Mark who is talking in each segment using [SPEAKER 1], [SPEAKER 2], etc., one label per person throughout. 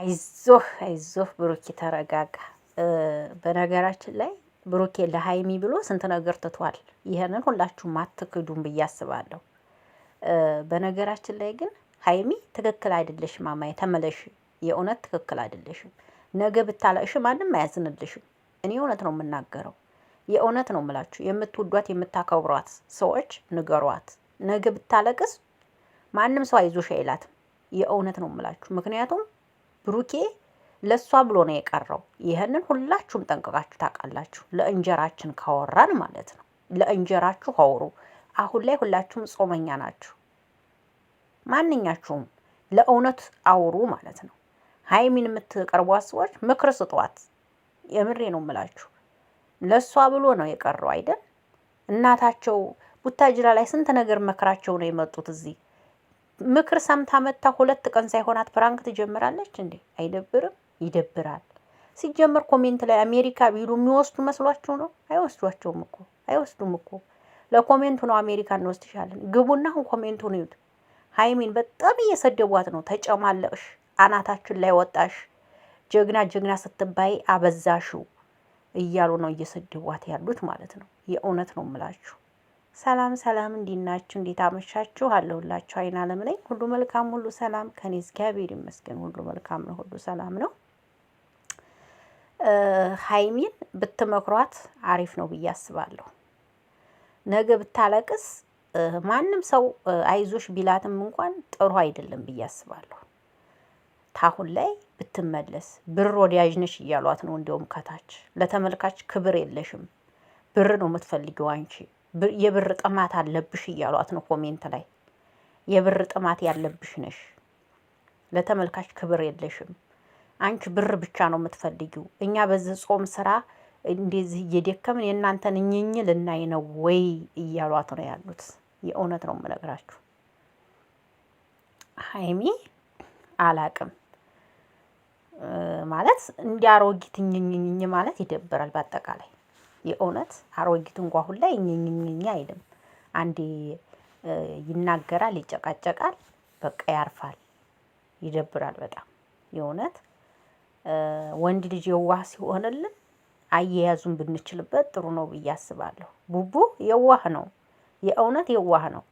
[SPEAKER 1] አይዞህ አይዞህ ብሩኬ ተረጋጋ። በነገራችን ላይ ብሩኬ ለሀይሚ ብሎ ስንት ነገር ትቷል። ይህንን ሁላችሁም አትክዱም ብዬ አስባለሁ። በነገራችን ላይ ግን ሀይሚ ትክክል አይደለሽ፣ ማማዬ ተመለሽ። የእውነት ትክክል አይደለሽም። ነገ ብታለቅሽ ማንም አያዝንልሽም። እኔ እውነት ነው የምናገረው፣ የእውነት ነው የምላችሁ። የምትወዷት የምታከብሯት ሰዎች ንገሯት። ነገ ብታለቅስ ማንም ሰው አይዞሽ አይላትም። የእውነት ነው የምላችሁ ምክንያቱም ብሩኬ ለእሷ ብሎ ነው የቀረው። ይህንን ሁላችሁም ጠንቀቃችሁ ታውቃላችሁ። ለእንጀራችን ካወራን ማለት ነው። ለእንጀራችሁ አውሩ። አሁን ላይ ሁላችሁም ጾመኛ ናችሁ። ማንኛችሁም ለእውነት አውሩ ማለት ነው። ሀይሚን የምትቀርቧት ሰዎች ምክር ስጧት። የምሬ ነው የምላችሁ። ለእሷ ብሎ ነው የቀረው አይደል? እናታቸው ቡታጅራ ላይ ስንት ነገር መክራቸው ነው የመጡት እዚህ ምክር ሰምታ መታ ሁለት ቀን ሳይሆናት ፕራንክ ትጀምራለች እንዴ? አይደብርም? ይደብራል። ሲጀመር ኮሜንት ላይ አሜሪካ ቢሉ የሚወስዱ መስሏቸው ነው? አይወስዷቸውም እኮ አይወስዱም እኮ ለኮሜንቱ ነው አሜሪካ እንወስድሻለን። ግቡና አሁን ኮሜንቱን ይዩት። ሀይሚን በጣም እየሰደቧት ነው። ተጨማለቅሽ፣ አናታችን ላይ ወጣሽ፣ ጀግና ጀግና ስትባይ አበዛሽው እያሉ ነው እየሰደቧት ያሉት ማለት ነው። የእውነት ነው ምላችሁ። ሰላም ሰላም፣ እንዴት እንዴት አመሻችሁ? አለሁላችሁ። አይን አለም ነኝ። ሁሉ መልካም፣ ሁሉ ሰላም ከኔ እግዚአብሔር ይመስገን። ሁሉ መልካም ነው፣ ሁሉ ሰላም ነው። ሀይሚን ብትመክሯት አሪፍ ነው ብዬ አስባለሁ። ነገ ብታለቅስ ማንም ሰው አይዞሽ ቢላትም እንኳን ጥሩ አይደለም ብዬ አስባለሁ። ታሁን ላይ ብትመለስ ብር ወዳጅ ነሽ እያሏት ነው። እንዲሁም ከታች ለተመልካች ክብር የለሽም፣ ብር ነው የምትፈልጊው አንቺ የብር ጥማት አለብሽ እያሏት ነው ኮሜንት ላይ። የብር ጥማት ያለብሽ ነሽ፣ ለተመልካች ክብር የለሽም። አንቺ ብር ብቻ ነው የምትፈልጊው። እኛ በዚህ ጾም ስራ እንደዚህ እየደከምን የእናንተን እኝኝ ልናይ ነው ወይ እያሏት ነው ያሉት። የእውነት ነው የምነግራችሁ። ሀይሚ አላቅም ማለት እንዲያሮጊት እኝኝኝ ማለት ይደብራል በአጠቃላይ የእውነት አሮጊት እንኳ ሁላ ላይ አይልም። አንዴ ይናገራል፣ ይጨቃጨቃል፣ በቃ ያርፋል። ይደብራል በጣም የእውነት ወንድ ልጅ የዋህ ሲሆንልን አያያዙን ብንችልበት ጥሩ ነው ብዬ አስባለሁ። ቡቡ የዋህ ነው፣ የእውነት የዋህ ነው።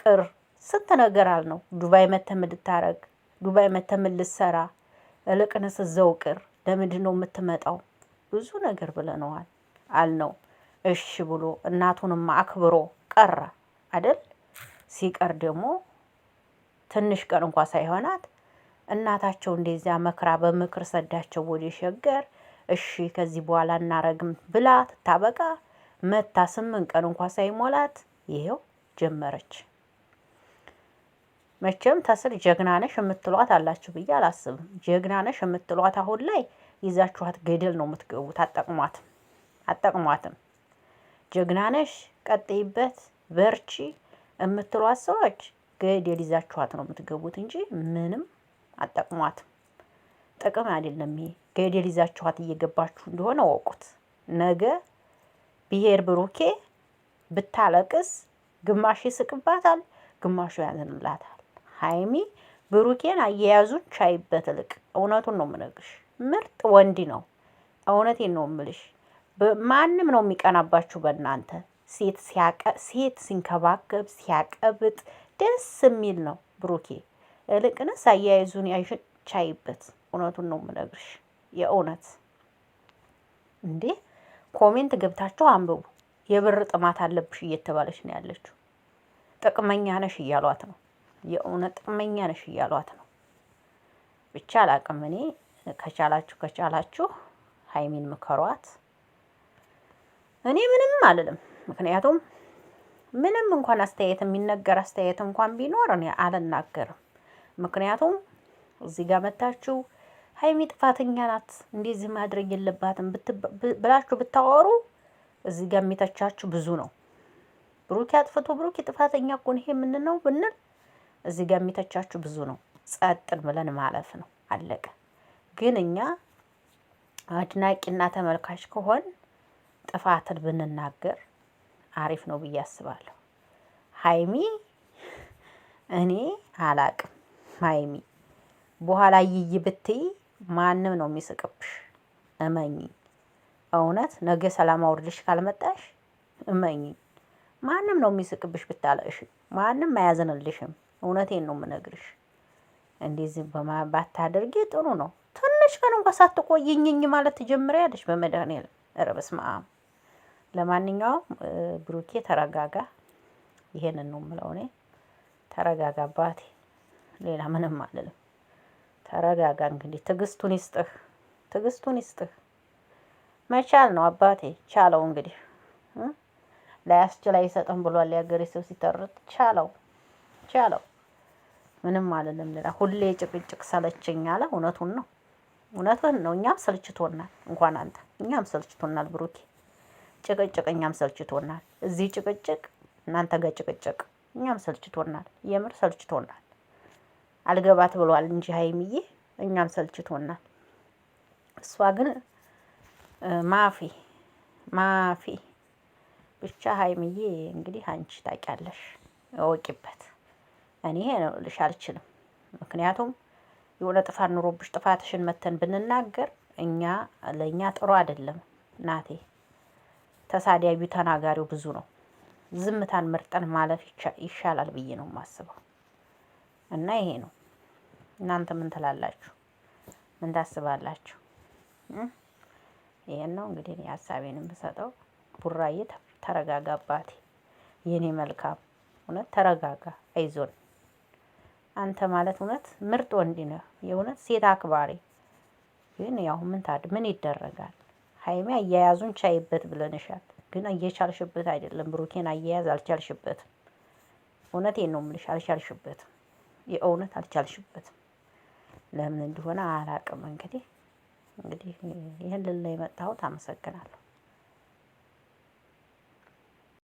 [SPEAKER 1] ቅር ስንት ነገር አል ነው ዱባይ መተህ ምልታረግ ዱባይ መተህ ምልሰራ እልቅንስ እዘው ቅር ለምንድን ነው የምትመጣው? ብዙ ነገር ብለነዋል። አልነው። እሺ ብሎ እናቱንም አክብሮ ቀረ አደል። ሲቀር ደግሞ ትንሽ ቀን እንኳ ሳይሆናት እናታቸው እንደዚያ መክራ በምክር ሰዳቸው ወደ ሸገር። እሺ ከዚህ በኋላ እናረግም ብላ ትታበቃ መታ ስምንት ቀን እንኳ ሳይሞላት ይሄው ጀመረች። መቼም ተስል ጀግና ነሽ የምትሏት አላችሁ ብዬ አላስብም። ጀግና ነሽ የምትሏት አሁን ላይ ይዛችኋት ገደል ነው የምትገቡት። አጠቅሟት አጠቅሟትም። ጀግናነሽ ቀጥይበት፣ በርቺ የምትሏት ሰዎች ገደል ይዛችኋት ነው የምትገቡት እንጂ ምንም አጠቅሟትም። ጥቅም አይደለም ይሄ። ገደል ይዛችኋት እየገባችሁ እንደሆነ ወቁት። ነገ ብሄር ብሩኬ ብታለቅስ ግማሽ ይስቅባታል፣ ግማሹ ያዝንላታል። ሀይሚ ብሩኬን አያያዙን ቻይበት። ልቅ እውነቱን ነው ምነግሽ። ምርጥ ወንድ ነው። እውነቴን ነው ምልሽ። ማንም ነው የሚቀናባችሁ በእናንተ። ሴት ሲያቀ ሴት ሲንከባከብ ሲያቀብጥ ደስ የሚል ነው። ብሩኬ እልቅንስ አያይዙን ያይሽን ቻይበት። እውነቱን ነው የምነግርሽ። የእውነት እንዴ ኮሜንት ገብታችሁ አንብቡ። የብር ጥማት አለብሽ እየተባለች ነው ያለችው። ጥቅመኛ ነሽ እያሏት ነው። የእውነት ጥቅመኛ ነሽ እያሏት ነው። ብቻ አላቅም እኔ። ከቻላችሁ ከቻላችሁ ሀይሚን ምከሯት። እኔ ምንም አልልም። ምክንያቱም ምንም እንኳን አስተያየት የሚነገር አስተያየት እንኳን ቢኖር እኔ አልናገርም። ምክንያቱም እዚህ ጋር መታችሁ ሀይሚ ጥፋተኛ ናት እንደዚህ ማድረግ የለባትም ብላችሁ ብታወሩ እዚህ ጋር የሚተቻችሁ ብዙ ነው። ብሩኬ አጥፍቶ ብሩኬ ጥፋተኛ እኮ ይሄ የምንለው ብንል እዚህ ጋር የሚተቻችሁ ብዙ ነው። ጸጥን ብለን ማለፍ ነው አለቀ። ግን እኛ አድናቂና ተመልካች ከሆን ጥፋትን ብንናገር አሪፍ ነው ብዬ አስባለሁ። ሀይሚ እኔ አላቅም። ሀይሚ በኋላ ይይ ብትይ ማንም ነው የሚስቅብሽ። እመኝ እውነት ነገ ሰላም አውርድሽ ካልመጣሽ እመኝ ማንም ነው የሚስቅብሽ። ብታለቅሽ ማንም አያዝንልሽም። እውነቴን ነው የምነግርሽ። እንደዚህ ባታደርጊ ጥሩ ነው። ትንሽ ቀን እንኳ ሳትቆይኝኝ ማለት ትጀምሪያለሽ። በመድኃኔዓለም ኧረ በስመ አብ ለማንኛውም ብሩኬ ተረጋጋ። ይሄንን ነው የምለው እኔ። ተረጋጋ አባቴ፣ ሌላ ምንም አልልም። ተረጋጋ። እንግዲህ ትዕግስቱን ይስጥህ፣ ትዕግስቱን ይስጥህ። መቻል ነው አባቴ፣ ቻለው። እንግዲህ ላያስችል አይሰጥም ብሏል የሀገሬ ሰው ሲተርት። ቻለው፣ ቻለው። ምንም አልልም ሌላ። ሁሌ ጭቅጭቅ ሰለችኝ አለ። እውነቱን ነው፣ እውነቱን ነው። እኛም ሰልችቶናል፣ እንኳን አንተ፣ እኛም ሰልችቶናል ብሩኬ ጭቅጭቅ እኛም ሰልችቶናል። እዚህ ጭቅጭቅ፣ እናንተ ጋር ጭቅጭቅ እኛም ሰልችቶናል። የምር ሰልችቶናል። አልገባት ብሏል እንጂ ሀይሚዬ እኛም ሰልችቶናል። እሷ ግን ማፊ ማፊ ብቻ ሀይሚዬ እንግዲህ አንቺ ታውቂያለሽ፣ እወቂበት። እኔ ልሽ አልችልም። ምክንያቱም የሆነ ጥፋት ኑሮብሽ ጥፋትሽን መተን ብንናገር እኛ ለእኛ ጥሩ አይደለም ናቴ ተሳዳቢው ተናጋሪው ብዙ ነው። ዝምታን መርጠን ማለፍ ይሻላል ብዬ ነው የማስበው። እና ይሄ ነው። እናንተ ምን ትላላችሁ? ምን ታስባላችሁ? ይሄን ነው እንግዲህ እኔ ሀሳቤን ብሰጠው። ቡራዬ ተረጋጋ፣ አባቴ የኔ መልካም፣ እውነት ተረጋጋ፣ አይዞን። አንተ ማለት እውነት ምርጥ ወንድ ነው፣ የእውነት ሴት አክባሪ። ግን ያው ምን ታድ ምን ይደረጋል ሀይሚ አያያዙን ቻይበት ብለንሻል፣ ግን እየቻልሽበት አይደለም። ብሩኬን አያያዝ አልቻልሽበትም። እውነቴን ነው የምልሽ፣ አልቻልሽበትም። የእውነት አልቻልሽበትም። ለምን እንደሆነ አላቅም። እንግዲህ እንግዲህ ይህን ልል የመጣሁት አመሰግናለሁ።